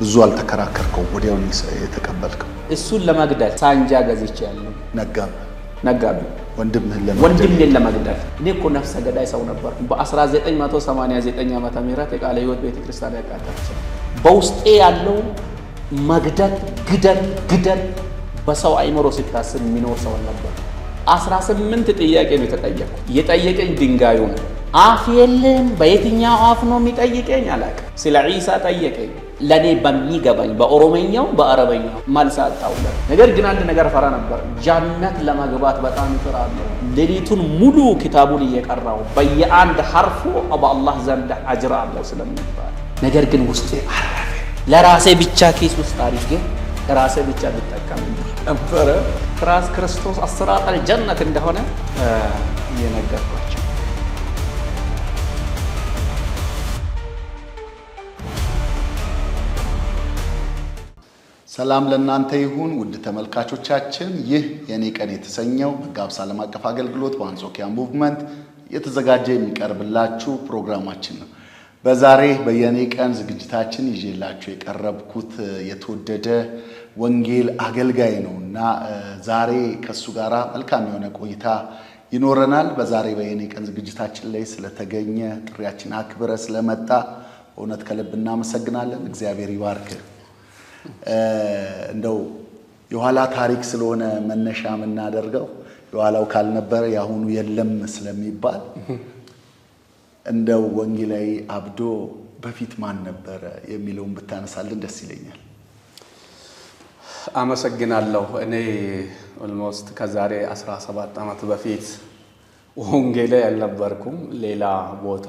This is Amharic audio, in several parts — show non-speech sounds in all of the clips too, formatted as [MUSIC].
ብዙ አልተከራከርከው፣ ወዲያው የተቀበልከው። እሱን ለመግደል ሳንጃ ገዝቼ ያለው ነጋ ነጋብ ወንድምህን ለመግደል እኔ እኮ ነፍሰ ገዳይ ሰው ነበር። በ1989 ዓ ም የቃለ ህይወት ቤተክርስቲያን ክርስቲያን በውስጤ ያለው መግደል፣ ግደል፣ ግደል በሰው አይምሮ ሲታስብ የሚኖር ሰው ነበር። 18 ጥያቄ ነው የተጠየቁ። የጠየቀኝ ድንጋዩ ነው። አፍ የለም። በየትኛው አፍ ነው የሚጠይቀኝ አላውቅም። ስለ ዒሳ ጠየቀኝ። ለእኔ በሚገባኝ በኦሮመኛው በአረበኛው መልስ አጣውለት። ነገር ግን አንድ ነገር ፈራ ነበር። ጃነት ለመግባት በጣም ይጥራለሁ። ሌሊቱን ሙሉ ኪታቡን እየቀራው በየአንድ ሐርፉ በአላህ ዘንድ አጅር አለው ስለሚባል ነገር ግን ውስጤ አረፈ። ለራሴ ብቻ ኬስ ውስጥ አድርጌ ራሴ ብቻ ልጠቀም ነበረ። ራስ ክርስቶስ አስራጠል ጀነት እንደሆነ እየነገርኳቸው ሰላም ለእናንተ ይሁን ውድ ተመልካቾቻችን። ይህ የእኔ ቀን የተሰኘው መጋብስ ዓለም አቀፍ አገልግሎት በአንጾኪያ ሙቭመንት እየተዘጋጀ የሚቀርብላችሁ ፕሮግራማችን ነው። በዛሬ በየኔ ቀን ዝግጅታችን ይዤላችሁ የቀረብኩት የተወደደ ወንጌል አገልጋይ ነው እና ዛሬ ከእሱ ጋር መልካም የሆነ ቆይታ ይኖረናል። በዛሬ በየኔ ቀን ዝግጅታችን ላይ ስለተገኘ ጥሪያችን አክብረ ስለመጣ በእውነት ከልብ እናመሰግናለን። እግዚአብሔር ይባርክ። እንደው የኋላ ታሪክ ስለሆነ መነሻ የምናደርገው የኋላው ካልነበረ የአሁኑ የለም ስለሚባል እንደው ወንጌላዊ አብዶ በፊት ማን ነበረ የሚለውን ብታነሳልን ደስ ይለኛል። አመሰግናለሁ። እኔ ኦልሞስት ከዛሬ 17 ዓመት በፊት ወንጌላዊ አልነበርኩም። ሌላ ቦታ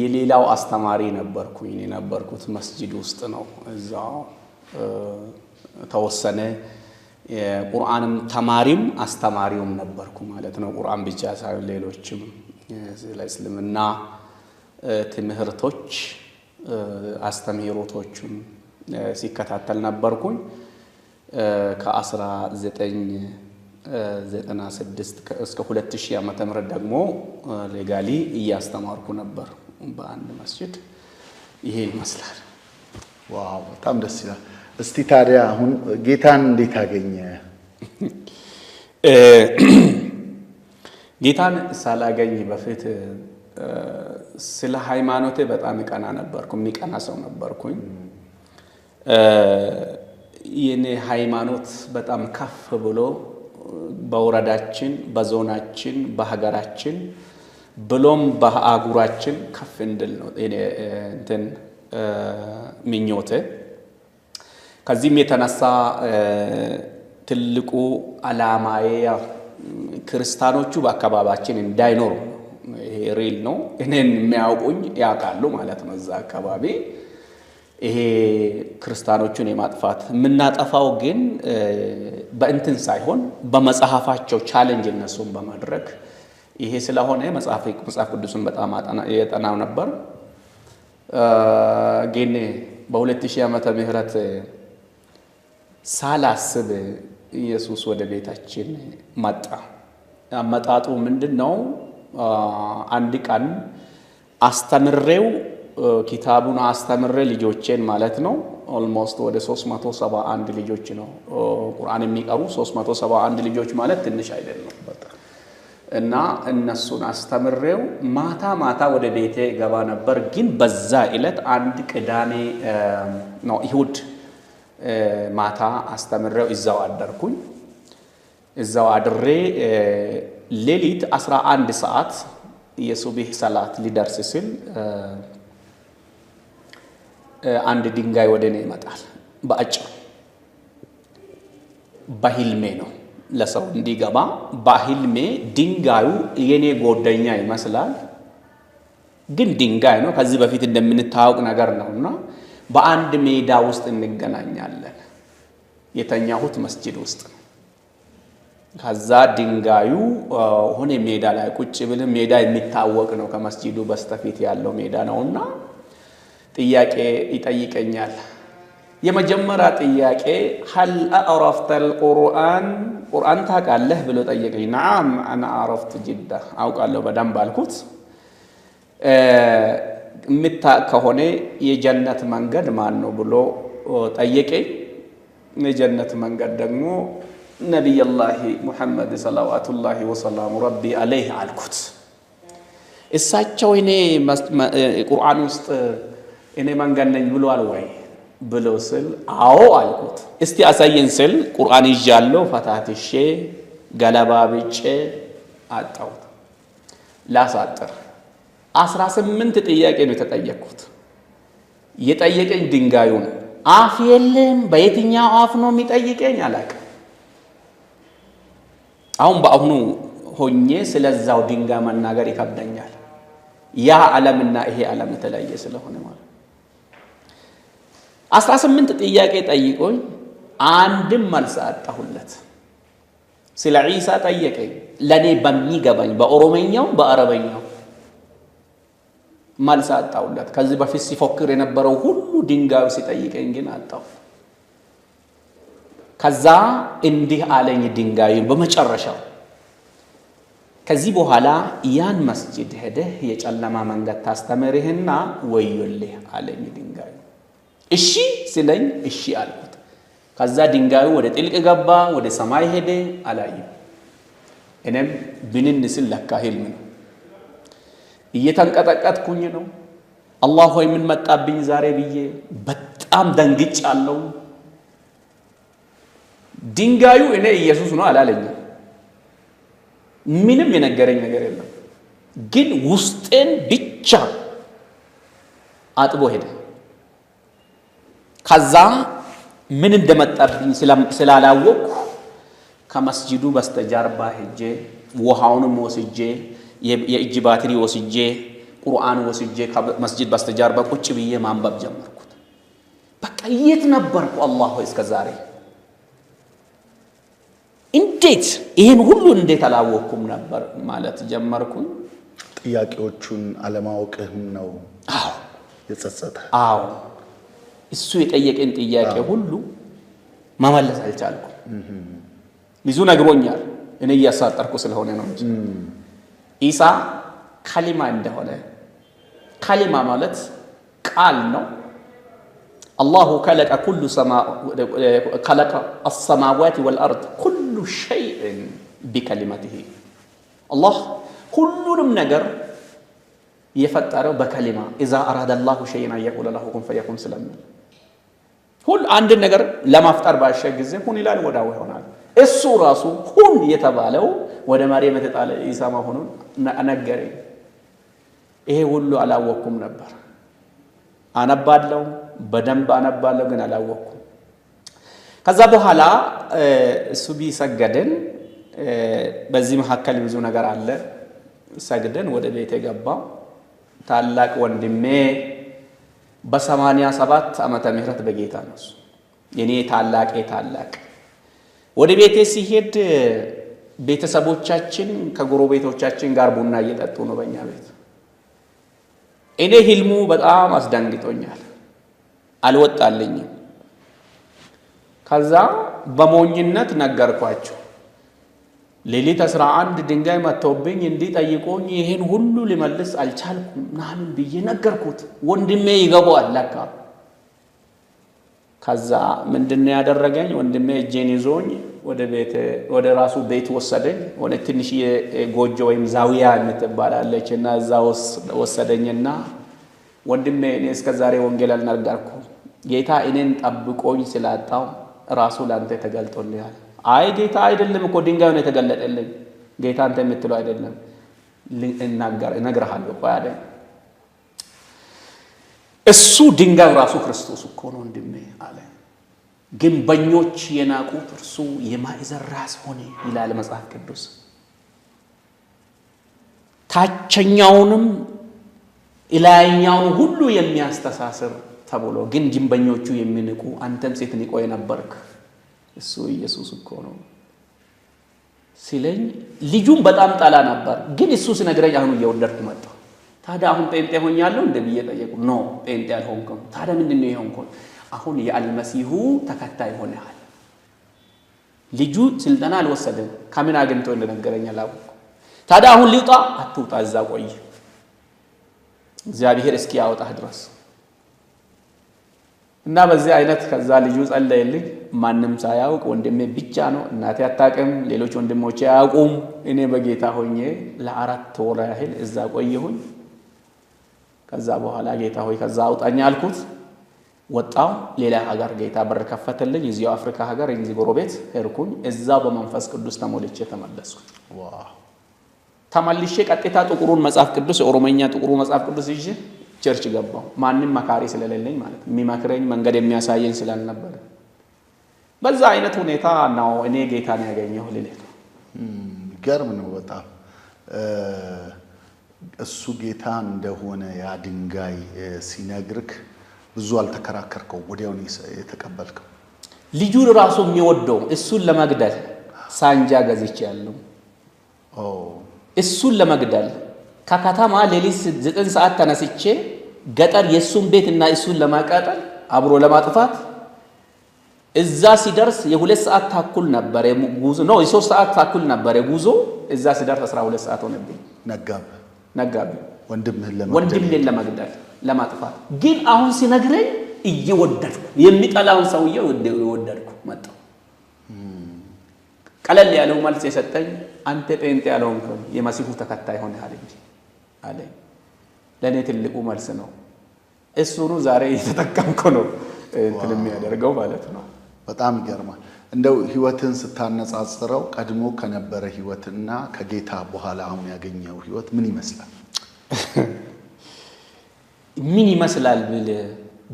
የሌላው አስተማሪ ነበርኩኝ። የነበርኩት መስጂድ ውስጥ ነው እዛው ተወሰነ የቁርአንም ተማሪም አስተማሪውም ነበርኩ ማለት ነው። ቁርአን ብቻ ሳይሆን ሌሎችም ስለ እስልምና ትምህርቶች አስተምህሮቶቹን ሲከታተል ነበርኩኝ። ከ1996 እስከ 2000 ዓ ም ደግሞ ሌጋሊ እያስተማርኩ ነበር በአንድ መስጅድ። ይሄ ይመስላል። ዋው በጣም ደስ ይላል። እስቲ ታዲያ አሁን ጌታን እንዴት አገኘ? [CLEARS THROAT] ጌታን ሳላገኝ በፊት ስለ ሃይማኖቴ በጣም ቀና ነበርኩ። የሚቀና ሰው ነበርኩኝ። የኔ ሃይማኖት በጣም ከፍ ብሎ በወረዳችን፣ በዞናችን፣ በሀገራችን ብሎም በአጉራችን ከፍ እንድል ነው እንትን ምኞትህ። ከዚህም የተነሳ ትልቁ አላማዬ ክርስቲያኖቹ በአካባቢያችን እንዳይኖሩ ይሄ ሪል ነው። እኔን የሚያውቁኝ ያውቃሉ ማለት ነው። እዛ አካባቢ ይሄ ክርስቲያኖቹን የማጥፋት የምናጠፋው ግን በእንትን ሳይሆን በመጽሐፋቸው ቻለንጅ እነሱን በማድረግ ይሄ ስለሆነ መጽሐፍ ቅዱስን በጣም የጠናው ነበር። ግን በ2000 ዓመተ ምህረት ሳላስብ ኢየሱስ ወደ ቤታችን መጣ። አመጣጡ ምንድን ነው? አንድ ቀን አስተምሬው ኪታቡን አስተምሬ ልጆቼን ማለት ነው ኦልሞስት ወደ 371 ልጆች ነው ቁርአን የሚቀሩ 371 ልጆች ማለት ትንሽ አይደለም። እና እነሱን አስተምሬው ማታ ማታ ወደ ቤቴ ገባ ነበር። ግን በዛ ዕለት አንድ ቅዳሜ ነው ይሁድ ማታ አስተምሬው እዛው አደርኩኝ። እዛው አድሬ ሌሊት 11 ሰዓት የሱቢህ ሰላት ሊደርስ ሲል አንድ ድንጋይ ወደ እኔ ይመጣል። በአጭሩ በህልሜ ነው ለሰው እንዲገባ በህልሜ ድንጋዩ የኔ ጎደኛ ይመስላል፣ ግን ድንጋይ ነው። ከዚህ በፊት እንደምንታወቅ ነገር ነውና በአንድ ሜዳ ውስጥ እንገናኛለን። የተኛሁት መስጂድ ውስጥ ነው። ከዛ ድንጋዩ ሆነ ሜዳ ላይ ቁጭ ብልም ሜዳ የሚታወቅ ነው። ከመስጂዱ በስተፊት ያለው ሜዳ ነውና ጥያቄ ይጠይቀኛል። የመጀመሪያ ጥያቄ ሀል አዕረፍተል ቁርአን ቁርአን ታውቃለህ ብሎ ጠየቀኝ። ነዓም አና አዕረፍት ጅዳ አውቃለሁ በደንብ አልኩት። የምታውቅ ከሆነ የጀነት መንገድ ማን ነው ብሎ ጠየቀኝ። የጀነት መንገድ ደግሞ ነቢይላህ ሙሐመድ ሰላዋቱላሂ ወሰላሙ ረቢ አለይህ አልኩት። እሳቸው እኔ ቁርአን ውስጥ እኔ መንገድ ነኝ ብሏል ወይ ብሎ ስል አዎ አልኩት። እስቲ አሳየን ስል ቁርአን ይዣለሁ ፈታትሼ ገለባብጬ አጣሁት። ላሳጥር አስራ ስምንት ጥያቄ ነው የተጠየቅኩት። የጠየቀኝ ድንጋዩ ነው። አፍ የለም። በየትኛው አፍ ነው የሚጠይቀኝ አላውቅም። አሁን በአሁኑ ሆኜ ስለዛው ድንጋይ መናገር ይከብደኛል። ያ ዓለምና ይሄ ዓለም የተለያየ ስለሆነ ማለት አስራ ስምንት ጥያቄ ጠይቆኝ አንድም መልስ አጣሁለት። ስለ ዒሳ ጠየቀኝ፣ ለእኔ በሚገባኝ በኦሮመኛው በአረበኛው መልስ አጣሁለት። ከዚህ በፊት ሲፎክር የነበረው ሁሉ ድንጋዩ ሲጠይቀኝ ግን አጣሁ። ከዛ እንዲህ አለኝ ድንጋዩ በመጨረሻው ከዚህ በኋላ ያን መስጂድ ሄደህ የጨለማ መንገድ ታስተምርህና ወዮልህ አለኝ ድንጋዩ እሺ ስለኝ እሺ አልኩት። ከዛ ድንጋዩ ወደ ጥልቅ ገባ፣ ወደ ሰማይ ሄደ፣ አላየም። እኔም ብንን ስል ለካ ህልም ነው። እየተንቀጠቀጥኩኝ ነው። አላህ ሆይ ምን መጣብኝ ዛሬ ብዬ በጣም ደንግጭ አለው። ድንጋዩ እኔ ኢየሱስ ነው አላለኝም። ምንም የነገረኝ ነገር የለም። ግን ውስጤን ብቻ አጥቦ ሄደ። ከዛ ምን እንደመጣብኝ ስላላወቅኩ ከመስጅዱ በስተጀርባ ሄጄ ውሃውንም ወስጄ የእጅ ባትሪ ወስጄ ቁርአን ወስጄ መስጅድ በስተጀርባ ቁጭ ብዬ ማንበብ ጀመርኩት። በቃ የት ነበርኩ? አላህ ሆይ እስከ ዛሬ እንዴት ይህን ሁሉ እንዴት አላወቅኩም ነበር ማለት ጀመርኩኝ። ጥያቄዎቹን አለማወቅህም ነው የጸጸተ። አዎ እሱ የጠየቀኝ ጥያቄ ሁሉ መመለስ አልቻልኩ። ብዙ ነግሮኛል፣ እኔ እያሳጠርኩ ስለሆነ ነው እንጂ ኢሳ ከሊማ እንደሆነ ከሊማ ማለት ቃል ነው። አላሁ ከለቀ አሰማዋት ወልአርድ ኩሉ ሸይእን ቢከሊመትህ አላህ ሁሉንም ነገር የፈጠረው በከሊማ ኢዛ አራዳ ላሁ ሸይን አየቁለ ላሁ ፈየኩን ስለሚል ሁሉ አንድን ነገር ለማፍጠር ባሸ ጊዜ ሁን ይላል፣ ወዳው ይሆናል። እሱ ራሱ ሁን የተባለው ወደ መሬም የተጣለ ኢሳ መሆኑን ነገረኝ። ይሄ ሁሉ አላወቅኩም ነበር። አነባለው በደንብ አነባለው ግን አላወቅኩም። ከዛ በኋላ ሱቢ ሰገድን። በዚህ መካከል ብዙ ነገር አለ። ሰግደን ወደ ቤት የገባ ታላቅ ወንድሜ በሰማንያ ሰባት ዓመተ ምህረት በጌታ ነሱ። የኔ ታላቄ ታላቅ ወደ ቤቴ ሲሄድ ቤተሰቦቻችን ከጎረቤቶቻችን ጋር ቡና እየጠጡ ነው በእኛ ቤት። እኔ ህልሙ በጣም አስደንግጦኛል፣ አልወጣልኝም። ከዛ በሞኝነት ነገርኳቸው። ሌሊት አስራ አንድ ድንጋይ መጥቶብኝ እንዲጠይቆኝ ይህን ሁሉ ሊመልስ አልቻልኩም ምናምን ብዬ ነገርኩት። ወንድሜ ይገባዋል ለካ። ከዛ ምንድነው ያደረገኝ? ወንድሜ እጄን ይዞኝ ወደ ራሱ ቤት ወሰደኝ። ሆነ ትንሽ ጎጆ ወይም ዛውያ የምትባላለች እና እዛ ወሰደኝና ወንድሜ እኔ እስከዛሬ ወንጌል አልነገርኩም ጌታ እኔን ጠብቆኝ ስላጣው ራሱ ለአንተ ተገልጦልሃል አይ ጌታ አይደለም እኮ ድንጋዩ ነው የተገለጠልኝ። ጌታ አንተ የምትለው አይደለም እነግርሃለሁ እኮ ያለ እሱ ድንጋዩ ራሱ ክርስቶስ እኮ ነው ወንድሜ አለ። ግንበኞች የናቁት እርሱ የማዕዘን ራስ ሆነ ይላል መጽሐፍ ቅዱስ። ታችኛውንም እላይኛውን ሁሉ የሚያስተሳስር ተብሎ ግን ግንበኞቹ የሚንቁ አንተም ሴት ንቆ የነበርክ እሱ ኢየሱስ እኮ ነው ሲለኝ ልጁም በጣም ጠላ ነበር። ግን እሱ ሲነግረኝ አሁን እየወደድኩ መጣሁ። ታዲያ አሁን ጴንጤ ሆኛለሁ እንደ ብዬ ጠየቁ። ኖ ጴንጤ አልሆንኩም። ታዲያ ምንድን ነው የሆንኩት? አሁን የአልመሲሁ ተከታይ ሆነሃል። ልጁ ስልጠና አልወሰደም። ከምን አግኝቶ እንደነገረኝ አላወኩም። ታዲያ አሁን ሊውጣ አትውጣ፣ እዛ ቆይ እግዚአብሔር እስኪ ያወጣህ ድረስ እና በዚህ አይነት ከዛ ልጁ ጸለየልኝ። ማንም ሳያውቅ ወንድሜ ብቻ ነው። እናቴ አታቅም፣ ሌሎች ወንድሞች አያውቁም። እኔ በጌታ ሆኜ ለአራት ወር ያህል እዛ ቆየሁኝ። ከዛ በኋላ ጌታ ሆይ ከዛ አውጣኝ አልኩት። ወጣው ሌላ ሀገር ጌታ በር ከፈተልኝ። እዚያው አፍሪካ ሀገር እንዚ ጎረቤት ሄድኩኝ። እዛው በመንፈስ ቅዱስ ተሞልቼ ተመለስኩ። ተመልሼ ቀጥታ ጥቁሩን መጽሐፍ ቅዱስ የኦሮመኛ ጥቁሩ መጽሐፍ ቅዱስ ይዤ ቸርች ገባው። ማንም መካሪ ስለሌለኝ ማለት የሚመክረኝ መንገድ የሚያሳየኝ ስላልነበረ በዛ አይነት ሁኔታ ነው እኔ ጌታን ያገኘው ልልህ ነው። ገርም ነው በጣም እሱ ጌታ እንደሆነ ያ ድንጋይ ሲነግርክ ብዙ አልተከራከርከው፣ ወዲያውን የተቀበልከው። ልጁን ራሱ የሚወደው እሱን ለመግደል ሳንጃ ገዝቼ ያለው እሱን ለመግደል ከከተማ ሌሊት ዘጠኝ ሰዓት ተነስቼ ገጠር የእሱን ቤት እና እሱን ለማቃጠል አብሮ ለማጥፋት እዛ ሲደርስ የሁለት ሰዓት ታኩል ነበር ጉዞ ነው። የሶስት ሰዓት ታኩል ነበር ጉዞ። እዛ ሲደርስ 12 ሰዓት ሆነብኝ። ነጋብ ነጋብ ወንድምህን ለመግደል ለማጥፋት። ግን አሁን ሲነግረኝ እየወደድኩ የሚጠላውን ሰውዬ እየወደድኩ መጣሁ። ቀለል ያለው መልስ የሰጠኝ አንተ ጴንጤ ያልሆንክም የመሲሁ ተከታይ ሆነሃል እንጂ አለ ለእኔ ትልቁ መልስ ነው። እሱኑ ዛሬ እየተጠቀምኩ ነው እንትን የሚያደርገው ማለት ነው። በጣም ይገርማል። እንደው ህይወትን ስታነጻጽረው ቀድሞ ከነበረ ህይወትና ከጌታ በኋላ አሁን ያገኘው ህይወት ምን ይመስላል? [LAUGHS] ምን ይመስላል ብል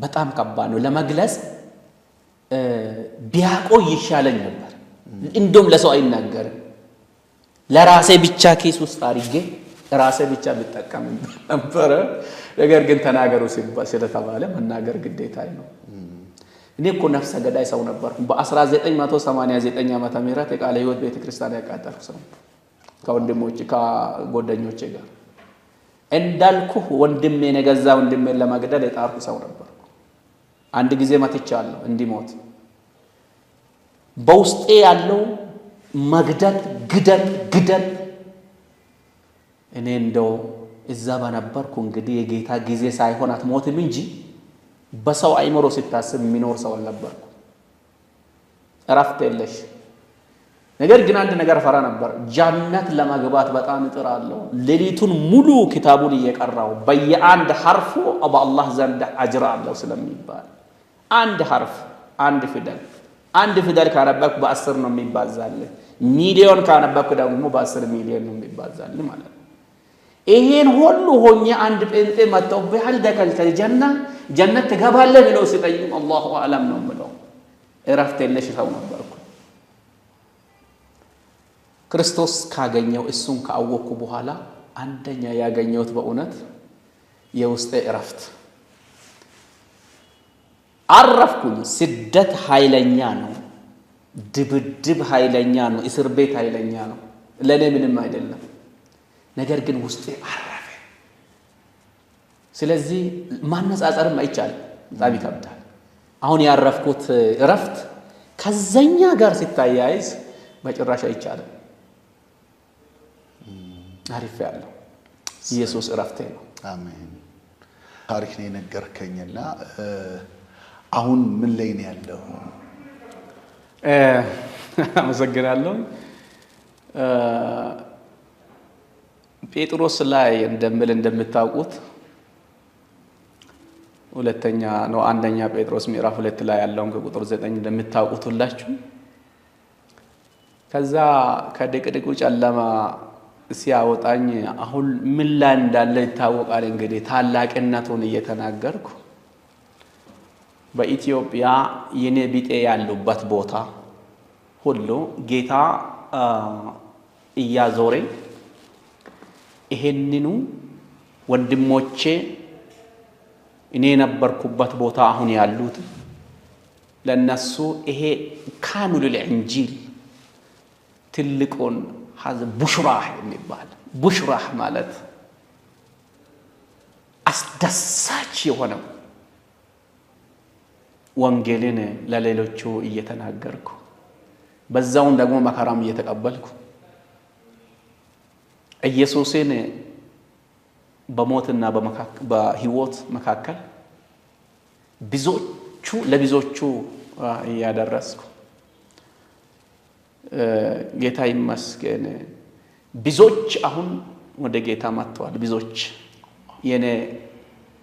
በጣም ከባድ ነው ለመግለጽ። ቢያቆይ ይሻለኝ ነበር። እንደውም ለሰው አይናገርም። ለራሴ ብቻ ኬስ ውስጥ አድርጌ ራሴ ብቻ ብጠቀም ነበረ። ነገር ግን ተናገሩ ስለተባለ መናገር ግዴታ ነው። እኔ እኮ ነፍሰ ገዳይ ሰው ነበርኩ። በ1989 ዓ ምህረት የቃለ ህይወት ቤተክርስቲያን ያቃጠልኩ ሰው ከወንድሞች ከጎደኞቼ ጋር እንዳልኩ ወንድሜ የገዛ ወንድሜን ለመግደል የጣርኩ ሰው ነበርኩ። አንድ ጊዜ መትቻለሁ እንዲሞት። በውስጤ ያለው መግደል፣ ግደል፣ ግደል እኔ እንደው እዛ በነበርኩ እንግዲህ የጌታ ጊዜ ሳይሆን አትሞትም እንጂ በሰው አይምሮ ሲታስብ የሚኖር ሰው አልነበርኩ። እረፍት የለሽ። ነገር ግን አንድ ነገር ፈራ ነበር። ጃነት ለመግባት በጣም እጥራለሁ። ሌሊቱን ሙሉ ኪታቡን እየቀራው በየአንድ ሐርፉ በአላህ ዘንድ አጅር አለው ስለሚባል አንድ ሐርፍ አንድ ፊደል አንድ ፊደል ካነበብኩ በአስር ነው የሚባዛልህ። ሚሊዮን ካነበብኩ ደግሞ በአስር ሚሊዮን ነው የሚባዛልህ ማለት ነው። ይሄን ሁሉ ሆኜ አንድ ጴንጤ መጥተው ብህል ደከልከል ጀና ጀነት ትገባለህ ብለው ሲጠይቁ አላሁ አለም ነው ምለው እረፍት የለሽ ሰው ነበርኩ። ክርስቶስ ካገኘው እሱን ካወቅኩ በኋላ አንደኛ ያገኘሁት በእውነት የውስጤ እረፍት አረፍኩኝ። ስደት ኃይለኛ ነው። ድብድብ ኃይለኛ ነው። እስር ቤት ኃይለኛ ነው። ለእኔ ምንም አይደለም። ነገር ግን ውስጤ አረ ስለዚህ ማነጻጸርም አይቻልም። በጣም ይከብዳል። አሁን ያረፍኩት እረፍት ከዘኛ ጋር ሲታያይዝ በጭራሽ አይቻልም። አሪፍ ያለው ኢየሱስ እረፍቴ ነው። አሜን። ታሪክ ነው የነገርከኝና አሁን ምን ላይ ነው ያለው? አመሰግናለሁ። ጴጥሮስ ላይ እንደምል እንደምታውቁት ሁለተኛ ነው አንደኛ ጴጥሮስ ምዕራፍ ሁለት ላይ ያለውን ከቁጥር ዘጠኝ እንደምታውቁት ሁላችሁ ከዛ ከድቅድቁ ጨለማ ሲያወጣኝ አሁን ምን ላይ እንዳለ ይታወቃል። እንግዲህ ታላቅነቱን እየተናገርኩ በኢትዮጵያ የኔ ቢጤ ያሉበት ቦታ ሁሉ ጌታ እያዞሬ ይሄንኑ ወንድሞቼ እኔ የነበርኩበት ቦታ አሁን ያሉት ለእነሱ ይሄ ካሚሉ እንጂል ትልቁን ቡሽራህ የሚባል ቡሽራህ ማለት አስደሳች የሆነው ወንጌልን ለሌሎቹ እየተናገርኩ በዛውን ደግሞ መከራም እየተቀበልኩ ኢየሱስን በሞትና በህይወት መካከል ብዙዎቹ ለብዙዎቹ እያደረስኩ ጌታ ይመስገን። ብዙዎች አሁን ወደ ጌታ መጥተዋል። ብዙዎች የኔ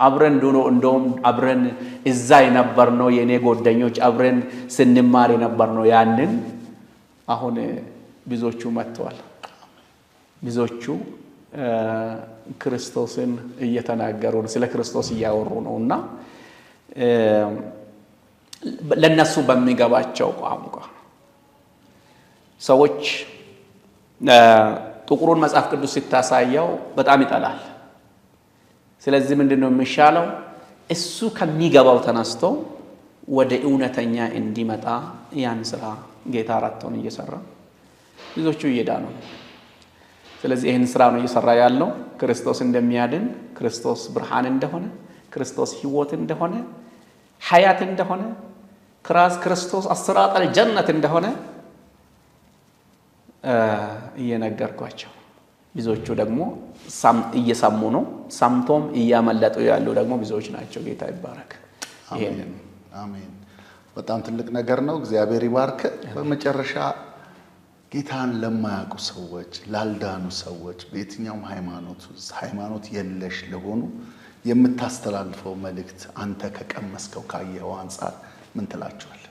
አብረን ዱኖ እንደውም አብረን እዛ የነበር ነው የእኔ ጎደኞች አብረን ስንማር የነበር ነው ያንን አሁን ብዙዎቹ መጥተዋል። ብዙዎቹ ክርስቶስን እየተናገሩ ስለ ክርስቶስ እያወሩ ነው እና ለእነሱ በሚገባቸው ቋንቋ ሰዎች ጥቁሩን መጽሐፍ ቅዱስ ሲታሳየው በጣም ይጠላል። ስለዚህ ምንድን ነው የሚሻለው? እሱ ከሚገባው ተነስቶ ወደ እውነተኛ እንዲመጣ ያን ስራ ጌታ አራተውን እየሰራ ብዙዎቹ እየዳ ነው። ስለዚህ ይህን ስራ ነው እየሰራ ያለው። ክርስቶስ እንደሚያድን፣ ክርስቶስ ብርሃን እንደሆነ፣ ክርስቶስ ህይወት እንደሆነ፣ ሀያት እንደሆነ፣ ክራስ ክርስቶስ አሰራጠል ጀነት እንደሆነ እየነገርኳቸው ብዙዎቹ ደግሞ እየሰሙ ነው። ሰምቶም እያመለጡ ያሉ ደግሞ ብዙዎች ናቸው። ጌታ ይባረክ። ይሄንን አሜን። በጣም ትልቅ ነገር ነው። እግዚአብሔር ይባርክ። በመጨረሻ ጌታን ለማያውቁ ሰዎች፣ ላልዳኑ ሰዎች በየትኛውም ሃይማኖት ውስጥ ሃይማኖት የለሽ ለሆኑ የምታስተላልፈው መልእክት አንተ ከቀመስከው ካየኸው አንጻር ምን ትላቸዋል?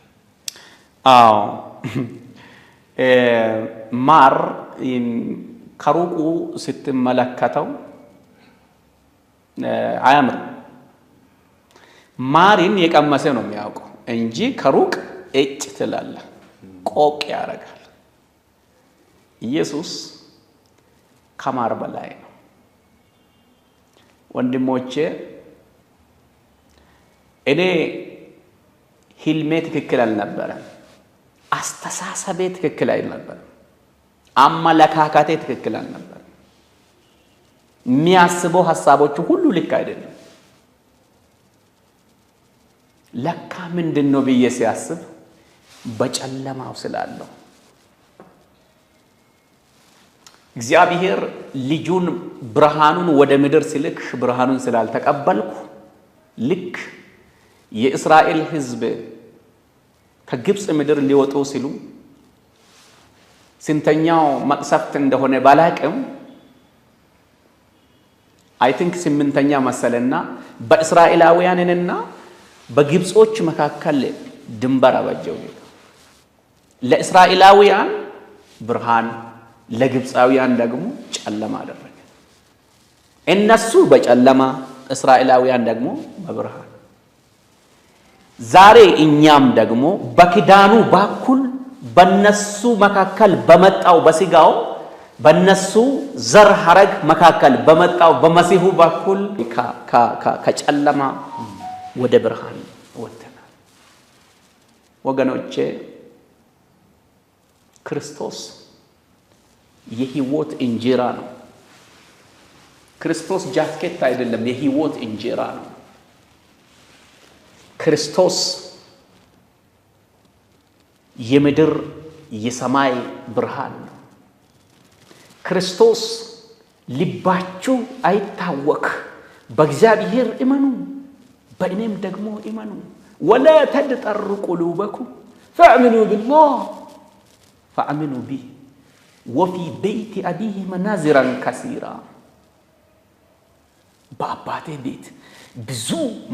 አዎ [LAUGHS] ማር ከሩቁ ስትመለከተው አያምርም። ማሪን የቀመሰ ነው የሚያውቀው እንጂ ከሩቅ እጭ ትላለ ቆቅ ያደርጋል። ኢየሱስ ከማር በላይ ነው። ወንድሞቼ እኔ ህልሜ ትክክል አልነበረም። አስተሳሰቤ ትክክል አልነበረም። አመለካከቴ ትክክል አልነበረም። የሚያስበው ሀሳቦቹ ሁሉ ልክ አይደለም። ለካ ምንድን ነው ብዬ ሲያስብ በጨለማው ስላለው። እግዚአብሔር ልጁን ብርሃኑን ወደ ምድር ሲልክ ብርሃኑን ስላልተቀበልኩ ልክ የእስራኤል ሕዝብ ከግብፅ ምድር ሊወጡ ሲሉ ስንተኛው መቅሰፍት እንደሆነ ባላቅም አይ ቲንክ ስምንተኛ መሰለና በእስራኤላውያንንና በግብጾች መካከል ድንበር አበጀው። ለእስራኤላውያን ብርሃን ለግብፃውያን ደግሞ ጨለማ አደረገ። እነሱ በጨለማ እስራኤላውያን ደግሞ በብርሃን። ዛሬ እኛም ደግሞ በኪዳኑ በኩል በነሱ መካከል በመጣው በስጋው በነሱ ዘር ሀረግ መካከል በመጣው በመሲሁ በኩል ከጨለማ ወደ ብርሃን ወጥተናል ወገኖቼ ክርስቶስ የህይወት እንጀራ ነው። ክርስቶስ ጃኬት አይደለም፣ የህይወት እንጀራ ነው። ክርስቶስ የምድር የሰማይ ብርሃን ነው። ክርስቶስ ልባችሁ አይታወክ፣ በእግዚአብሔር እመኑ፣ በእኔም ደግሞ እመኑ። ወላ ተድጠር ቁሉበኩም ፈአምኑ ብላህ ፈአምኑ ቢህ ወፊ በይቲ አቢህ መናዚራን ከሲራ በአባቴ ቤት ብዙ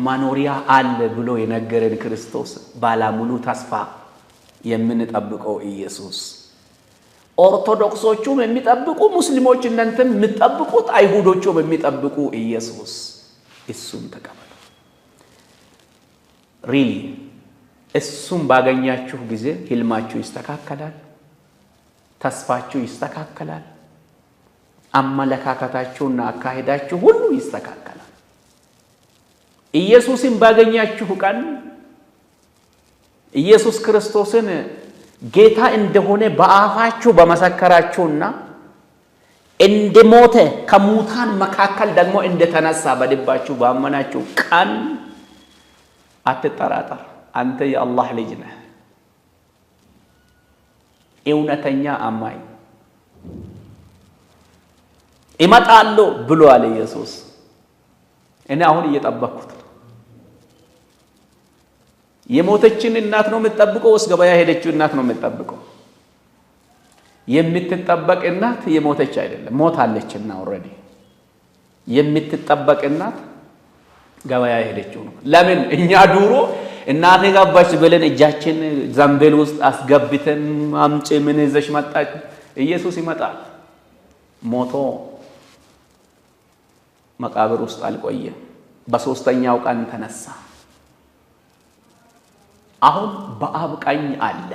መኖሪያ አለ ብሎ የነገረን ክርስቶስ ባለሙሉ ተስፋ የምንጠብቀው ኢየሱስ ኦርቶዶክሶቹም የሚጠብቁ ሙስሊሞች፣ እናንተም የምጠብቁት አይሁዶቹም የሚጠብቁ ኢየሱስ እሱም ተቀበሉ። ሪሊ እሱም ባገኛችሁ ጊዜ ህልማችሁ ይስተካከላል። ተስፋችሁ ይስተካከላል። አመለካከታችሁና አካሄዳችሁ ሁሉ ይስተካከላል። ኢየሱስን ባገኛችሁ ቀን ኢየሱስ ክርስቶስን ጌታ እንደሆነ በአፋችሁ በመሰከራችሁና እንደ ሞተ ከሙታን መካከል ደግሞ እንደተነሳ በልባችሁ ባመናችሁ ቀን አትጠራጠር፣ አንተ የአላህ ልጅ ነህ። እውነተኛ አማኝ እመጣለሁ ብሎ አለ ኢየሱስ። እኔ አሁን እየጠበኩት ነው። የሞተችን እናት ነው የምትጠብቀው ወይስ ገበያ ሄደችው እናት ነው የምትጠብቀው? የምትጠበቅ እናት የሞተች አይደለም፣ ሞታለችና ኦልሬዲ። የምትጠበቅ እናት ገበያ ሄደችው ነው። ለምን እኛ ዱሮ እናቴ ጋባች ብለን እጃችን ዘንበል ውስጥ አስገብተን አምጪ ምን ይዘሽ መጣች? ኢየሱስ ይመጣል። ሞቶ መቃብር ውስጥ አልቆየም። በሶስተኛው ቀን ተነሳ። አሁን በአብ ቀኝ አለ፣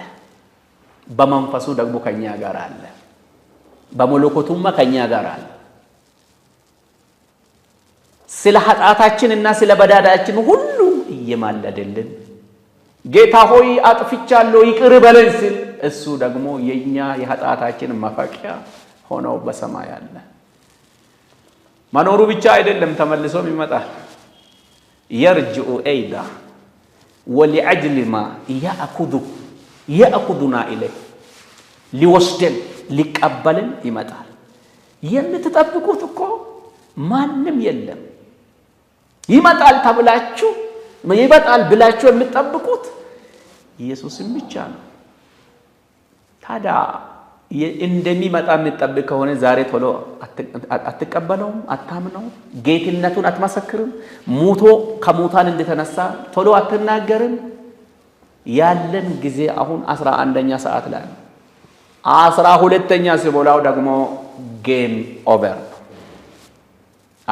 በመንፈሱ ደግሞ ከኛ ጋር አለ፣ በመለኮቱማ ከኛ ጋር አለ። ስለ ኃጢአታችን እና ስለ በዳዳችን ሁሉ እየማለደልን ጌታ ሆይ አጥፍቻለሁ ይቅር በለኝ ሲል እሱ ደግሞ የእኛ የኃጢአታችን መፈቂያ ሆነው በሰማይ አለ። መኖሩ ብቻ አይደለም፣ ተመልሶም ይመጣል። የርጅኡ ኤይዳ ማ ያእኩዱ ያእኩዱና ኢለይ ሊወስደን ሊቀበልን ይመጣል። የምትጠብቁት እኮ ማንም የለም። ይመጣል ተብላችሁ ይመጣል ብላችሁ የምትጠብቁት ኢየሱስም ብቻ ነው። ታዲያ እንደሚመጣ የምጠብቅ ከሆነ ዛሬ ቶሎ አትቀበለውም? አታምነው? ጌትነቱን አትመሰክርም? ሙቶ ከሙታን እንደተነሳ ቶሎ አትናገርም? ያለን ጊዜ አሁን አስራ አንደኛ ሰዓት ላይ ነው። አስራ ሁለተኛ ሲሞላው ደግሞ ጌም ኦቨር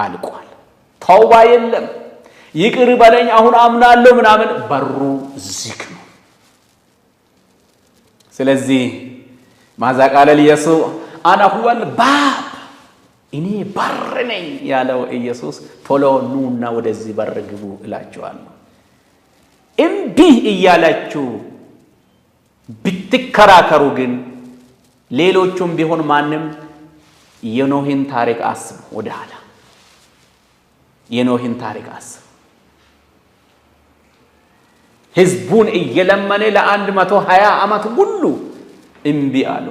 አልቋል። ተውባ የለም። ይቅር በለኝ አሁን አምናለሁ ምናምን በሩ ዝግ ነው። ስለዚህ ማዛ ቃለ ኢየሱስ አነ ሁወል ባብ እኔ በር ነኝ ያለው ኢየሱስ ቶሎ ኑና ወደዚህ በር ግቡ እላችኋለሁ። እምቢ እያላችሁ ብትከራከሩ ግን ሌሎቹም ቢሆን ማንም የኖህን ታሪክ አስብ፣ ወደ ኋላ የኖህን ታሪክ አስብ። ህዝቡን እየለመነ ለአንድ መቶ ሀያ ዓመት ሁሉ እምቢ አሉ።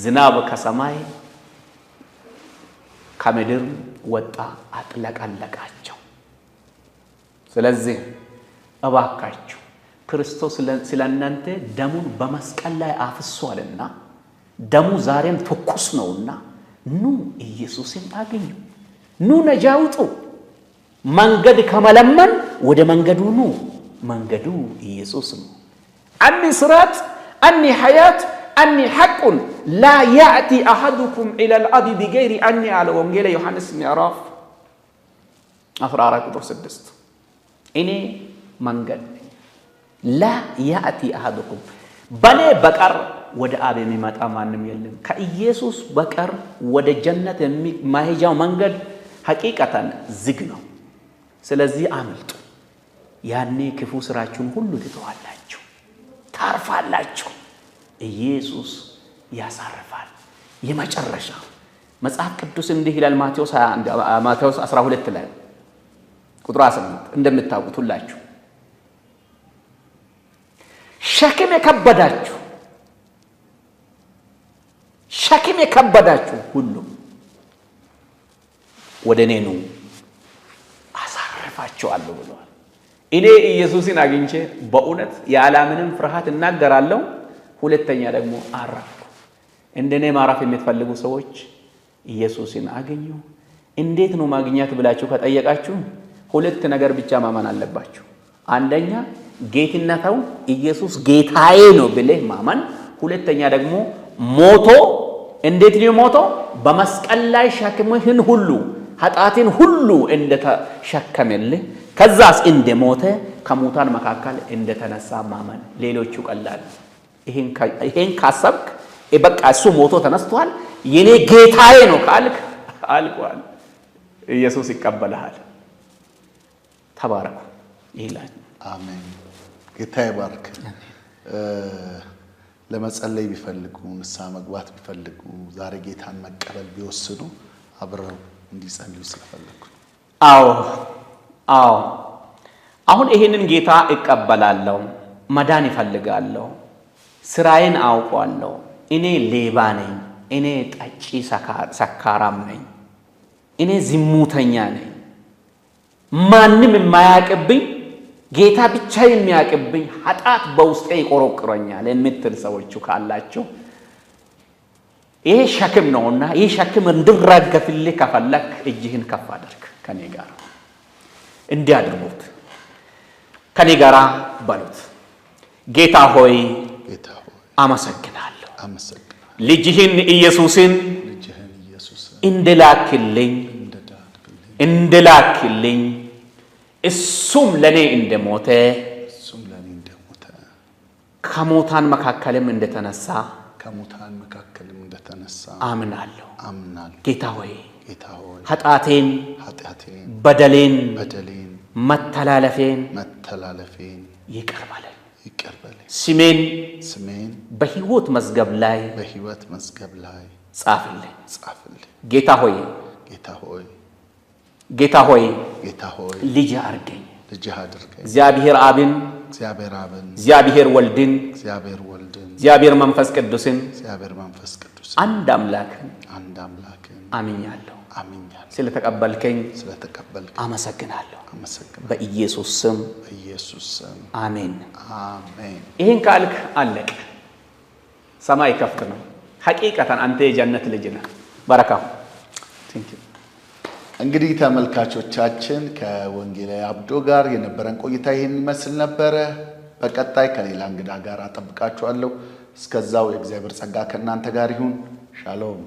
ዝናብ ከሰማይ ከምድር ወጣ አጥለቀለቃቸው። ስለዚህ እባካችሁ ክርስቶስ ስለ እናንተ ደሙን በመስቀል ላይ አፍሷልና ደሙ ዛሬም ትኩስ ነውና ኑ ኢየሱስን አገኙ፣ ኑ ነጃውጡ መንገድ ከመለመን ወደ መንገዱ ኑ። መንገዱ ኢየሱስ ነው። አኒ ስራት አኒ ሐያት አኒ ሐቁን ላ ያእቲ አሐዱኩም ኢለል አርዲ ቢገይሪ አኒ አለ ወንጌለ ዮሐንስ ምዕራፍ 14 ቁጥር 6 እኔ መንገድ ላ ያእቲ አሐዱኩም በኔ በቀር ወደ አብ የሚመጣ ማንም የለም። ከኢየሱስ በቀር ወደ ጀነት የማሄጃው መንገድ ሐቂቀተን ዝግ ነው። ስለዚህ አምልጡ። ያኔ ክፉ ስራችሁን ሁሉ ትተዋላችሁ፣ ታርፋላችሁ። ኢየሱስ ያሳርፋል። የመጨረሻ መጽሐፍ ቅዱስ እንዲህ ይላል። ማቴዎስ 12 ላይ ቁጥር 18 እንደምታውቁት ሁላችሁ ሸክም የከበዳችሁ ሸክም የከበዳችሁ ሁሉ ወደ እኔ ኑ አሳርፋችኋለሁ ብለዋል። እኔ ኢየሱስን አግኝቼ በእውነት የዓለምንም ፍርሃት እናገራለሁ። ሁለተኛ ደግሞ አረፍኩ። እንደኔ ማረፍ የምትፈልጉ ሰዎች ኢየሱስን አገኙ። እንዴት ነው ማግኛት ብላችሁ ከጠየቃችሁ ሁለት ነገር ብቻ ማመን አለባችሁ። አንደኛ ጌትነተው ኢየሱስ ጌታዬ ነው ብለህ ማመን። ሁለተኛ ደግሞ ሞቶ እንዴት ነው ሞቶ? በመስቀል ላይ ሸክምህን ሁሉ ኃጢአትን ሁሉ እንደተሸከመልህ ከዛስ እንደሞተ ከሙታን መካከል እንደተነሳ ማመን። ሌሎቹ ቀላል። ይሄን ካሰብክ በቃ እሱ ሞቶ ተነስቷል የኔ ጌታዬ ነው ካልክ አልቋል። ኢየሱስ ይቀበልሃል። ተባረኩ ይላል። አሜን። ጌታ ይባርክ። ለመጸለይ ቢፈልጉ ንሳ መግባት ቢፈልጉ ዛሬ ጌታን መቀበል ቢወስኑ አብረው እንዲጸልዩ ስለፈለግኩ አዎ አዎ አሁን ይሄንን ጌታ እቀበላለሁ፣ መዳን ይፈልጋለሁ ስራዬን አውቋለሁ፣ እኔ ሌባ ነኝ፣ እኔ ጠጪ ሰካራም ነኝ፣ እኔ ዝሙተኛ ነኝ፣ ማንም የማያቅብኝ ጌታ ብቻ የሚያቅብኝ ኃጢአት በውስጤ ይቆረቁረኛል የምትል ሰዎቹ ካላችሁ ይሄ ሸክም ነውና ይህ ሸክም እንድራገፍልህ ከፈለክ እጅህን ከፍ አድርግ ከኔ ጋር እንዲህ አድርጉት፣ ከኔ ጋር በሉት፣ ጌታ ሆይ አመሰግናለሁ፣ ልጅህን ኢየሱስን እንድላክልኝ እንድላክልኝ እሱም ለእኔ እንደሞተ ከሞታን መካከልም እንደተነሳ አምናለሁ። ጌታ ሆይ ኃጢአቴን በደሌን በደሌን መተላለፌን ይቅር በለኝ። ስሜን በሕይወት መዝገብ ላይ መዝገብ ላይ ጻፍልኝ። ጌታ ሆይ ጌታ ሆይ ልጅ አድርገኝ። ልጅ እግዚአብሔር አብን እግዚአብሔር ወልድን እግዚአብሔር መንፈስ ቅዱስን መንፈስ አንድ አምላክን አምኛለሁ። አምኛለሁ። ስለተቀበልከኝ ስለተቀበልከኝ አመሰግናለሁ። በኢየሱስ ስም በኢየሱስ ስም አሜን አሜን። ይህን ካልክ አለቅ፣ ሰማይ ከፍት ነው። ሐቂቀተን አንተ የጀነት ልጅ ነህ። በረካሁ እንግዲህ ተመልካቾቻችን ከወንጌላዊ አብዶ ጋር የነበረን ቆይታ ይህን ይመስል ነበረ። በቀጣይ ከሌላ እንግዳ ጋር አጠብቃችኋለሁ። እስከዛው የእግዚአብሔር ጸጋ ከእናንተ ጋር ይሁን። ሻሎም